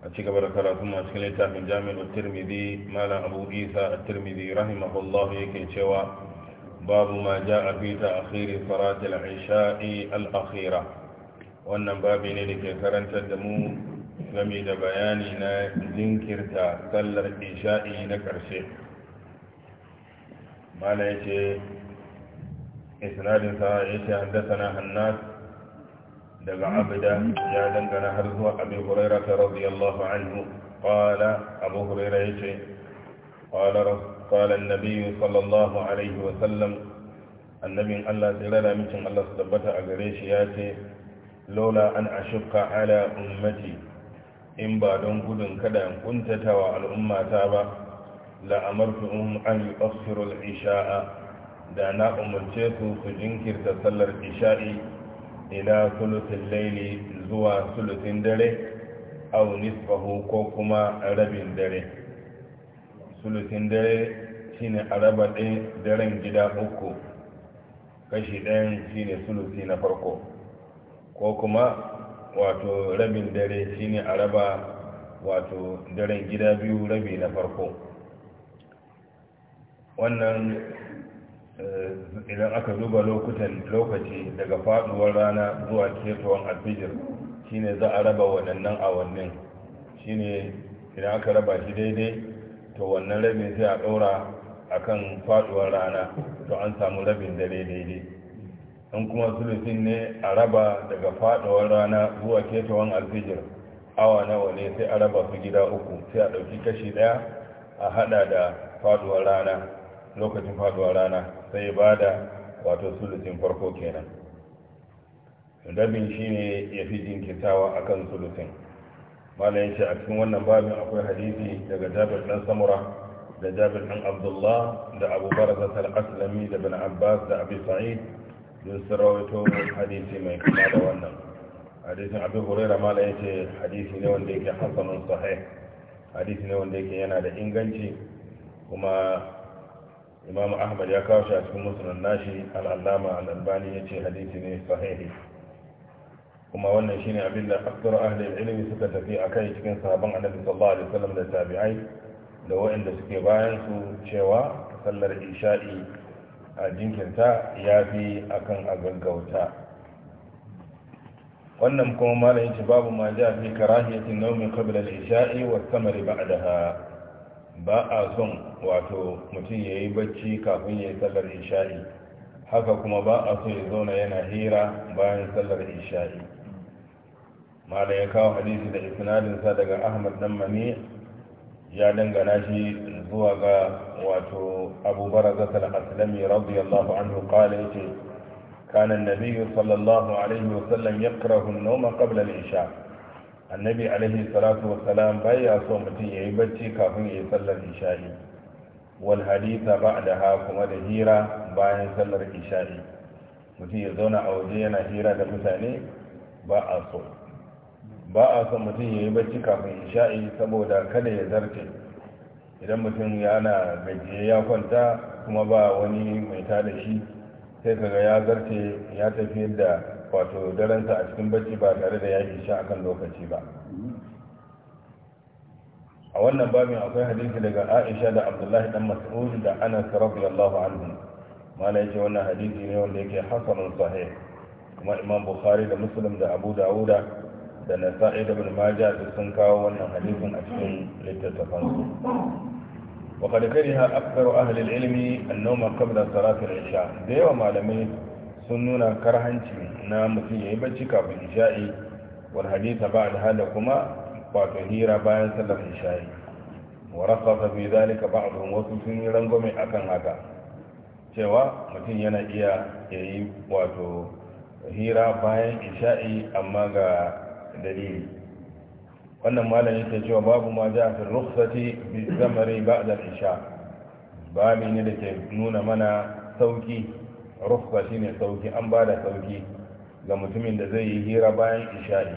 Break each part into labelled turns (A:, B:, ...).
A: a ci gaba da karatu a cikin littafin jami'ar tirmidhi malam abu isa a tirmidhi rahimahullah yake cewa babu ma ja a fi ta akhiri salatul isha'i al-akhira wannan babi ne da ke karantar da mu game da bayani na jinkirta sallar isha'i na karshe mala yace isnadin sa yace haddathana hannas daga Abida, ya dangana har zuwa abi ta radiyallahu anhu qala abu huraira yace ce. qala an-nabi sallallahu alaihi wa sallam annabin Allah tsira da Allah su tabbata a gare shi ya ce lola an ashukka ala ummati in ba don gudun kada in kuntata wa al'ummata ba la'amartuhum an yu'akhiru al-isha'a da na umarce su su jinkirta sallar isha'i ila sulusin laili zuwa sulusin dare au nisbahu ko kuma rabin dare sulusin dare shine araba ɗin daren gida uku kashi ɗayan shine sulusi na farko ko kuma wato rabin dare shine araba wato daren gida biyu rabi na farko wannan idan aka duba lokutan lokaci daga faduwar rana zuwa ketowar alfijir shine za a raba waɗannan awannin shine idan aka raba shi daidai to wannan rabin sai a ɗora akan faduwar rana to an samu rabin dare daidai in kuma sulusin ne a raba daga faduwar rana zuwa ketowar alfijir awa nawa ne sai a raba su gida uku sai a ɗauki kashi ɗaya a hada da faduwar rana lokacin faduwar rana sai ya bada wato sulusin farko kenan rabin ne ya fi jinkitawa a kan sulusin ya yace a cikin wannan babin akwai hadisi daga Jabir dan Samura da Jabir dan Abdullah da Abu Barzah al-Aslami da bin Abbas da Abi Sa'id duk sun rawaito hadisi mai kama da wannan hadisin Abu Huraira ya yace hadisi ne wanda yake hasanun sahih hadisi ne wanda yake yana da inganci kuma imamu ahmad ya kawo shi a cikin musulun nashi al'allama al'albani ya ce hadisi ne sahihi kuma wannan shine abin da aksar ahli, ilimi suka tafi a kai cikin sabon annabi sallallahu alaihi wasallam da tabi'ai da waɗanda suke bayan su cewa sallar isha'i a jinkinta ya fi akan a gaggauta wannan kuma malam yace babu ma ja fi karahiyatin nawmi qabla al-isha'i wa samari ba'daha ba a son wato mutum ya yi bacci kafin ya yi sallar isha'i haka kuma ba a so ya zauna yana hira bayan sallar isha'i mala ya kawo hadisi da isnadinsa daga ahmad dan mani ya dangana shi zuwa ga wato abu barazatar aslami radiyallahu anhu kala yake kanan nabiyu sallallahu alaihi wasallam ya karahun noma kabla isha annabi alaihi salatu bai ya so mutum ya yi bacci kafin ya yi sallar isha'i wal haditha ba'daha kuma da hira bayan sallar isha'i mutum ya zauna a waje yana hira da mutane ba a so ba a so mutum ya yi bacci kafin isha'i saboda kada ya zarce idan mutum yana gajiye ya kwanta kuma ba wani mai tada shi sai kaga ya zarce ya tafi da wato darensa a cikin bacci ba tare da ya sha akan lokaci ba a wannan babin akwai hadisi daga Aisha da Abdullahi dan Mas'ud da Anas radiyallahu anhu mala yake wannan hadisi ne wanda yake hasanun sahih kuma Imam Bukhari da Muslim da Abu Dawud da Nasa'i da Ibn Majah sun kawo wannan hadisin a cikin littattafansu وقد كره أكثر أهل العلم النوم قبل صلاة العشاء ديو معلمين سنونا كرهنتي نام في عبتك بالعشاء والحديث بعد هذا كما فاتهير باين صلاة العشاء ورخص في ذلك بعضهم وسوسني رنقمي أكن أكا cewa mutum yana iya yayi wato hira bayan isha'i amma دليل wannan malami ke cewa babu ma ja fi rukhsati bi zamari ba'da isha babu ne da ke nuna mana sauki rukhsa shine sauki an bada sauki ga mutumin da zai yi hira bayan isha'i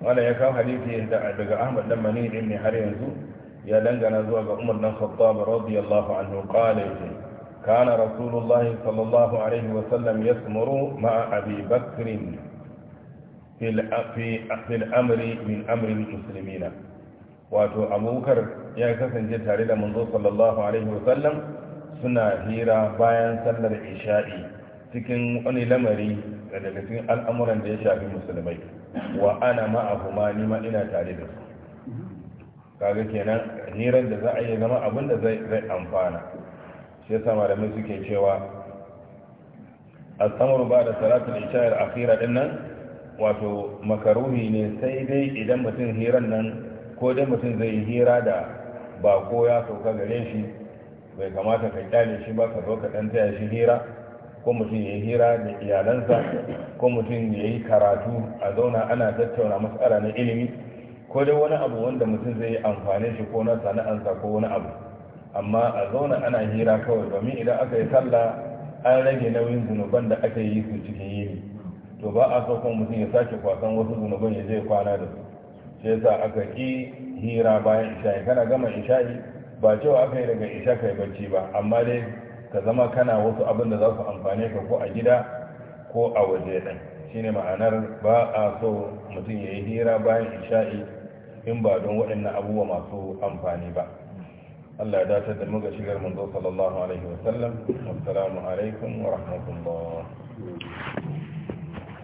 A: wannan ya kawo hadisi daga Ahmad dan Mani ibn har yanzu ya dangana zuwa ga Umar dan Khattab radiyallahu anhu qala kana rasulullahi sallallahu alaihi wa sallam yasmuru ma'a Abi Bakr fil amri min amrin muslimina wato abubakar ya kasance tare da manzo sallallahu alaihi wasallam suna hira bayan sallar isha'i cikin wani lamari daga cikin al'amuran da ya shafi musulmai wa ana ma'ahuma ni ma ina tare da su kaga kenan hirar da za a iya zama abin da zai amfana shi yasa malamai suke cewa as-samru ba da salatul isha'i akhira dinnan wato makaruhi ne sai dai idan mutum hiran nan ko dai mutum zai hira da bako ya sauka gare shi bai kamata ka kyale shi ba ka zo ka ɗan taya shi hira ko mutum ya yi hira da iyalansa ko mutum ya yi karatu a zauna ana tattauna matsala na ilimi ko dai wani abu wanda mutum zai yi amfani shi ko na sana'ansa ko wani abu amma a zauna ana hira kawai domin idan aka yi sallah an rage nauyin zunuban da aka yi su cikin yini to ba a so kuma mutum ya sake kwasan wasu zunuban ya je kwana da su sai yasa aka ki hira bayan isha'i kana gama isha'i ba cewa aka yi daga isha kai bacci ba amma dai ka zama kana wasu abin da za su amfane ka ko a gida ko a waje Shi shine ma'anar ba a so mutum ya yi hira bayan isha'i in ba don waɗannan abubuwa masu amfani ba Allah ya dace da muka shigar manzo sallallahu alaihi wasallam assalamu alaikum wa rahmatullah